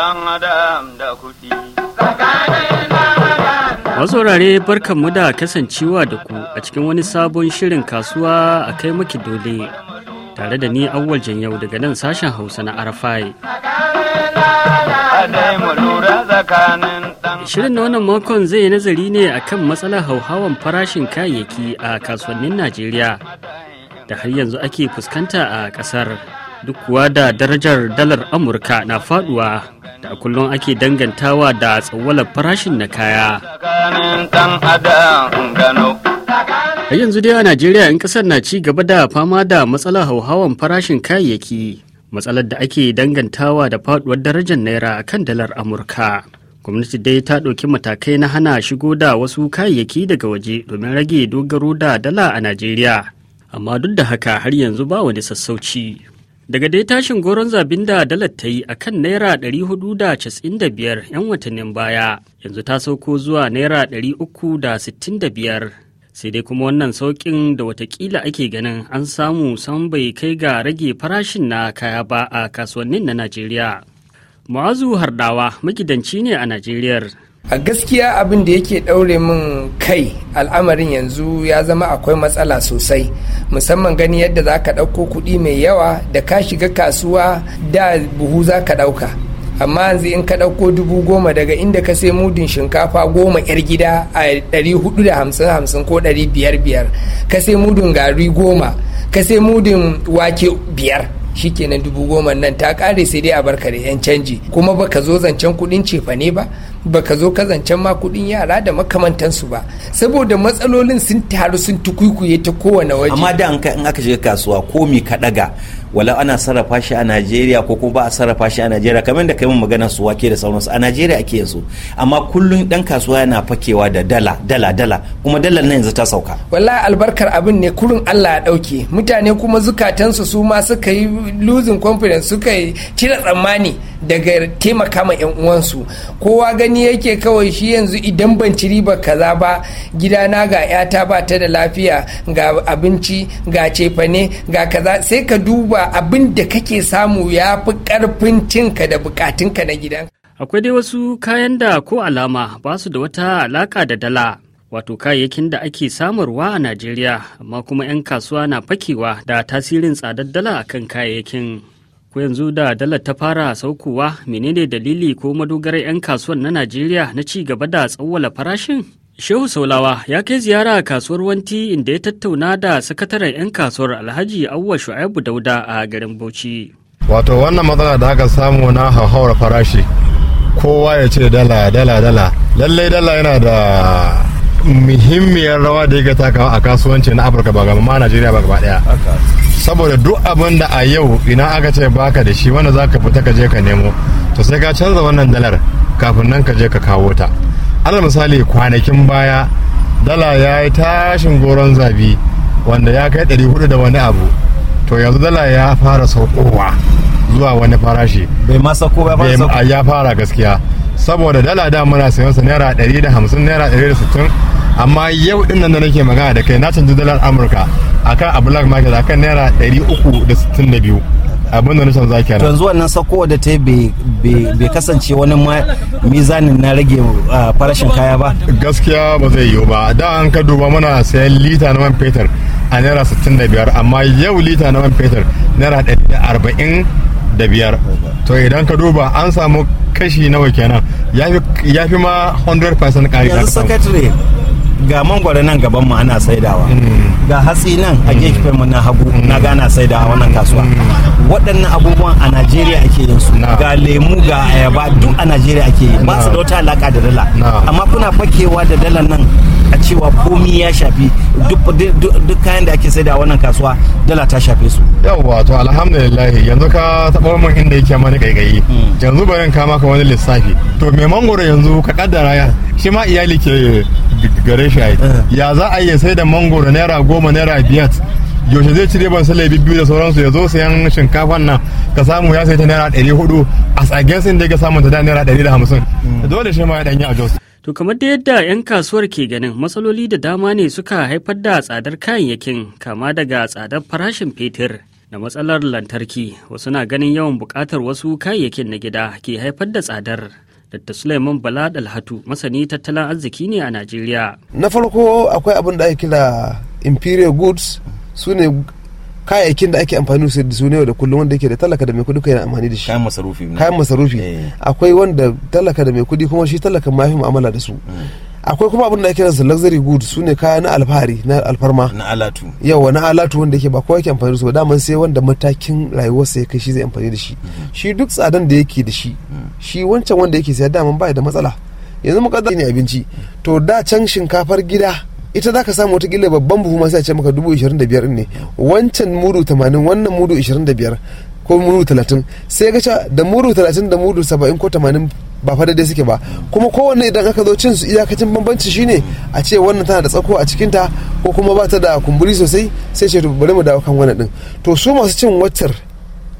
dan adam da barkanmu da kasancewa da ku a cikin wani sabon shirin kasuwa a kai maki dole tare da ni awwal yau daga nan sashen hausa na arafai shirin na wannan makon zai nazari ne akan matsalar hauhawan farashin kayayyaki a kasuwannin najeriya da har yanzu ake fuskanta a kasar duk kuwa da darajar dalar amurka na faduwa da kullum ake dangantawa da tsawalar farashin na kaya a yanzu dai a najeriya in kasar na ci gaba da fama da matsalar hauhawan farashin kayayyaki matsalar da ake dangantawa da faduwar darajar naira a kan dalar amurka gwamnati dai ta ɗauki matakai na hana shigo da wasu kayayyaki daga waje domin rage dogaro da dala a najeriya amma duk da haka har yanzu ba wani sassauci daga dai tashin goron zabin da dalar ta yi a kan naira 495 'yan watannin baya yanzu ta sauko zuwa naira 365 sai dai kuma wannan sauƙin da watakila ake ganin an samu san bai kai ga rage farashin na kaya ba a kasuwannin na najeriya ma'azu hardawa magidanci ne a Najeriya. a gaskiya abin da yake ɗaure min kai al'amarin yanzu ya zama akwai matsala sosai musamman gani yadda za ka ɗauko kuɗi mai yawa da ka shiga kasuwa da buhu za ka ɗauka amma yanzu in ka ɗauko dubu goma daga inda ka sai mudin shinkafa goma yar gida a ɗari hudu da hamsin hamsin ko ɗari biyar biyar ka sai mudin gari goma ka sai mudin wake biyar shikenan dubu goma nan ta ƙare sai dai a barka da yan canji kuma baka zo zancen kuɗin cefane ba baka zo ka zancen ma kuɗin yara da makamantansu ba saboda matsalolin sun taru sun tukuikuye ta kowane waje amma da in aka shiga kasuwa ko mi ka daga wala ana sarrafa shi a najeriya ko kuma ba a sarrafa shi a najeriya kamar da kai mun magana su wake da sauransu a najeriya ake yin su amma kullum dan kasuwa yana fakewa da dala dala dala kuma dalar nan yanzu ta sauka wallahi albarkar abin ne kurin allah ya dauke mutane kuma zukatansu su ma suka yi losing confidence suka yi cire tsammani daga taimaka ma yan uwansu kowa gani yake kawai shi yanzu idan ban ci ba kaza ba gidana ga yata ba ta da lafiya ga abinci ga cefane ga kaza sai ka duba cewa abin da kake samu ya fi karfin cinka da bukatunka na gidan. Akwai dai wasu kayan da ko alama ba su da wata alaƙa da dala. Wato kayayyakin da ake samarwa a Najeriya, amma kuma 'yan kasuwa na fakewa da tasirin tsadar dala a kan kayayyakin. Ko yanzu da dala ta fara saukowa menene dalili ko madogarar 'yan kasuwan na Najeriya na ci gaba da tsawwala farashin? Shehu Saulawa ya kai ziyara a kasuwar Wanti inda ya tattauna da sakataren 'yan kasuwar Alhaji auwa Shu'aibu Dauda a garin Bauchi. Wato wannan matsala da aka samu na hauhawar farashi kowa ya ce dala dala dala lallai dala yana da muhimmiyar rawa da yake takawa a kasuwanci na Afirka ba gaba ma Najeriya ba gaba daya. Saboda duk abin da a yau ina aka ce baka da shi wanda zaka fita ka je ka nemo to sai ka canza wannan dalar kafin nan ka je ka kawo ta. alal misali kwanakin baya dala ya yi tashin goron zabi wanda ya kai 400 da wani abu to yanzu dala ya fara saukowa zuwa wani farashi bai ma sauko ba fara ya fara gaskiya saboda dala da muna sayan sa naira 150 naira 160 amma yau din nan da nake magana da kai na canji dalar amurka akan a black market akan naira 362 abin da nisan zaki na yanzu nan sako da ta bai kasance wani mizanin na rage ah, farashin kaya ba gaskiya ba zai yiwu ba da an ka duba muna sayan lita na man fetur a naira 65 amma yau lita na man fetur naira 140 da biyar to idan ka duba an samu kashi nawa kenan ya fi ma 100% kari yanzu sakatare ga mangwara nan gaban mu ana saidawa hmm. ga hatsi nan a gefe mu na hagu na gana sai da wannan kasuwa waɗannan abubuwan a Najeriya ake yin su ga lemu ga ayaba duk a Najeriya ake yi ba su da wata alaka da dala amma kuna fakewa da dala nan a cewa komi ya shafi duk kayan da ake sai da wannan kasuwa dala ta shafe su yawwa to alhamdulillah yanzu ka taɓa mun inda yake mani gaigayi hmm. yanzu bayan kama ka wani lissafi to mai mangoro yanzu ka kaddara ya shi ma iyali ke gare shi ai eh. ya za a iya sai da mangoro naira goma naira biyar yaushe zai ci ban su laifi biyu da sauransu ya zo sayan shinkafa nan ka samu ya sai ta naira ɗari hudu a tsagen sun da ya samun ta da naira ɗari da hamsin mm. dole shi ma ya ɗanyi a jos. To kamar da yadda 'yan kasuwar ke ganin matsaloli da dama ne suka haifar da tsadar kayayyakin kama daga tsadar farashin fetur da matsalar lantarki wasu na ganin yawan buƙatar wasu kayayyakin na gida ke haifar da tsadar. Dr. Suleiman Bala Dalhatu masani tattalin arziki ne a Najeriya. Na farko akwai abin da ake kira imperial goods su ne kayayyakin da ake amfani da su ne da kullum wanda yake da talaka da mai kudi kai amfani da shi kayan masarufi kayan masarufi eh. akwai wanda talaka da mai kudi kuma shi talaka ma mu'amala da su mm. akwai kuma abin da ake kiransa luxury goods su ne kaya na alfahari na alfarma na alatu yawa na alatu wanda yake ba kowa yake amfani da su ba daman sai wanda matakin rayuwarsa ya kai shi zai amfani da shi mhm. shi duk tsadan da yake da shi mhm. shi wancan wanda yake saya daman ba da matsala yanzu mukaddar ne abinci mhm. to da can shinkafar gida ita za ka samu gila babban buhu masu ce maka dubu ishirin da biyar ne wancan mudu tamanin wannan mudu ishirin da biyar ko mudu talatin sai ga da mudu talatin da mudu saba'in ko tamanin ba fa daidai suke ba kuma kowanne idan aka zo cin su iyakacin bambanci shine a ce wannan tana da tsako a cikinta ko kuma ba ta da kumburi sosai sai ce bari mu dawo kan wannan din to su masu cin waccar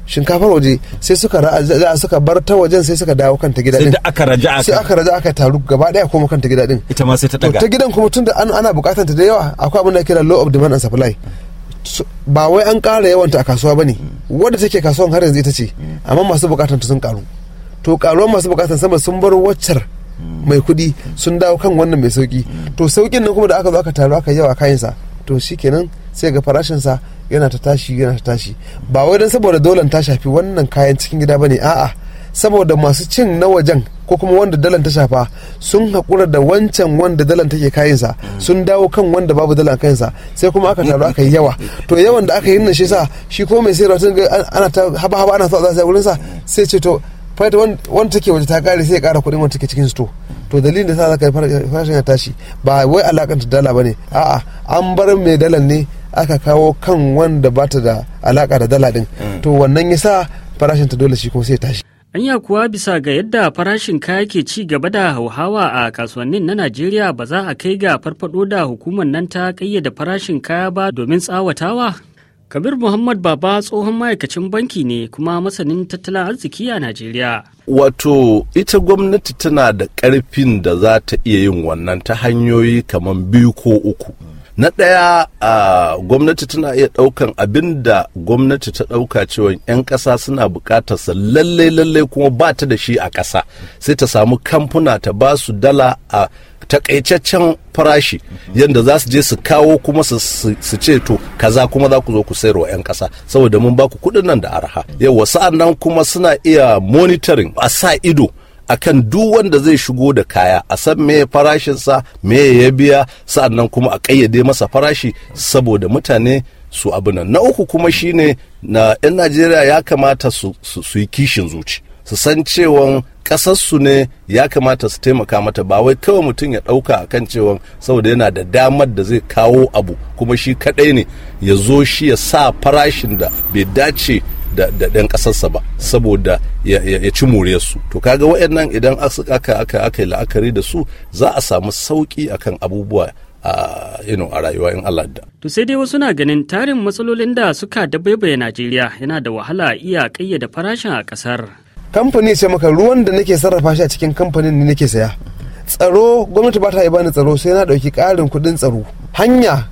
shinkafar waje sai suka ra'a suka bar ta wajen sai suka dawo kanta gida din sai aka raja aka raja taru gaba daya kuma kanta gida din ita ma sai ta daga ta gidan kuma tunda ana bukatar ta da yawa akwai abin da kira law of demand and supply ba wai an ƙara yawanta a kasuwa bane wanda take kasuwan har yanzu ita ce amma masu bukatar ta sun karu to karuwar masu bukatan sama sun bar waccar mai kuɗi sun dawo kan wannan mai sauki to saukin nan kuma da aka zo aka taru aka yawa kayansa to shikenan sai ga farashinsa yana ta tashi yana ta tashi ba wai don saboda dolan ta shafi wannan kayan cikin gida bane a'a saboda masu cin na wajen ko kuma wanda dalan ta shafa sun haƙura da wancan wanda dalan take kayansa sun dawo kan wanda babu dalan kayansa sai kuma aka taru aka yi yawa to yawan da aka yi nan shi sa shi ko mai sayarwa tun ana ta haba haba ana so a wurin sa sai ce to fata wani take waje ta kare sai ya kara kuɗin wata take cikin sto to dalilin da sa za ka yi farashin ya tashi ba wai alakanta dala ba ne a'a an bar mai dalan ne aka kawo kan wanda ba ta da alaka da dala din mm. to wannan ya sa farashin ta dole shi kuma sai ya tashi Anya kuwa bisa ga yadda farashin kaya ke ci gaba da hauhawa a kasuwannin na Najeriya ba za a kai ga farfado da hukumar nan ta kayyade farashin kaya ba domin tsawatawa? Kabir Muhammad Baba tsohon ma'aikacin banki ne kuma masanin tattalin arziki a Najeriya. Wato ita gwamnati tana da ƙarfin da za ta iya yin wannan ta hanyoyi kamar biyu ko uku. na ɗaya a gwamnati tana iya ɗaukan abin da gwamnati ta ɗauka cewa 'yan ƙasa suna buƙatar sa lallai lallai kuma ba ta da shi a ƙasa sai ta samu kamfuna ta ba su dala a takaitaccen farashi yadda za su je su kawo kuma su ce to kaza kuma za ku zo ku sayarwa 'yan ƙasa saboda mun ba ku kuɗin nan da arha yau wasu nan kuma suna iya monitoring a sa ido akan duk wanda zai shigo da kaya a san me farashinsa me ya biya sa'annan kuma a kayyade masa farashi saboda mutane su abu nan na uku kuma shine na 'yan najeriya ya kamata su, yi kishin zuci su san cewan kasarsu ne ya kamata su taimaka mata ba wai kawai mutum ya ɗauka a kan cewa saboda yana da damar da zai kawo abu kuma shi kaɗai ne ya zo shi ya sa farashin da bai dace da ɗan ƙasarsa ba saboda ya ci su to kaga waɗannan idan aka aka aka la'akari da su za a samu sauƙi akan abubuwa a a rayuwa in Allah da. To sai dai wasu na ganin tarin matsalolin da suka da baibaye Najeriya yana da wahala iya kayyada farashin a kasar. Kamfani sai maka ruwan da nake sarrafa shi a cikin kamfanin ne nake saya. Tsaro gwamnati ba ta yi bani tsaro sai na ɗauki ƙarin kuɗin tsaro. Hanya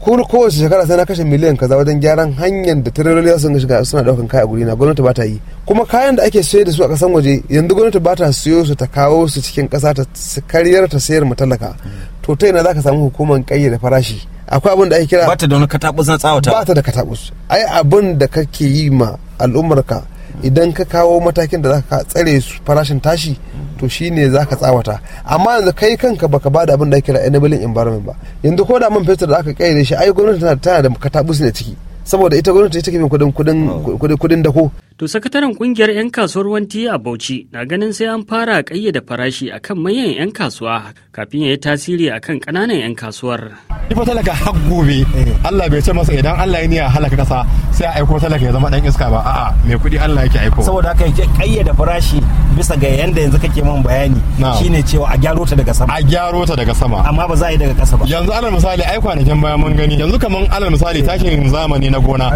ko kowace shekara sai na kashe miliyan kaza wajen gyaran hanyar da tiraroli sun shiga suna daukan kaya a na gwamnati ba ta yi kuma kayan da ake sayar da su a kasan waje yanzu gwamnati ba ta siyo su ta kawo su cikin kasa ta karyar ta sayar matalaka to ta ina za ka samu hukumar kayyade farashi akwai abin da ake kira ba ta da wani katabus na tsawata ba ta da katabus ai abin da kake yi ma al'ummarka idan ka kawo matakin da za ka tsare farashin tashi to shine za ka tsawata amma yanzu kai kanka baka bada abin da ake kira enabling environment ba yanzu ko da man fetur da aka kayyade shi ai gwamnati tana da katabus ne ciki saboda ita gwamnati ita ke bin kudin kudin dako To sakataren kungiyar 'yan kasuwar wanti a Bauchi na ganin sai an fara kayyada farashi akan manyan 'yan kasuwa kafin ya yi tasiri akan kananan 'yan kasuwar. Ifa talaka har gobe Allah bai ce masa idan Allah ya niya halaka kasa sai a aiko talaka ya zama dan iska ba a'a mai kudi Allah yake aiko. Saboda haka kayyada farashi bisa ga yanda yanzu kake min bayani shine cewa a gyaro ta daga sama a gyaro ta daga sama amma ba za a yi daga kasa ba yanzu alal misali ai kwanakin bayan mun gani yanzu kaman alal misali takin zamani na gona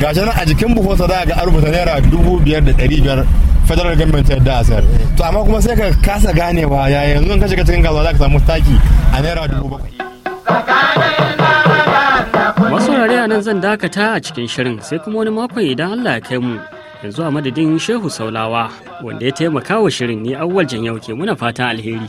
gashi nan a jikin buhunsa za ga arubuta naira dubu biyar da ɗari biyar federal government yadda a sayar eh. to amma kuma sai ka kasa ganewa ya yanzu ka shiga cikin kasuwa za ka samu taki a naira dubu bakwai masu nan zan dakata a cikin shirin sai kuma wani makon idan allah ya kai mu yanzu a madadin shehu saulawa wanda ya taimaka wa shirin ni awwal jan yauke muna fatan alheri.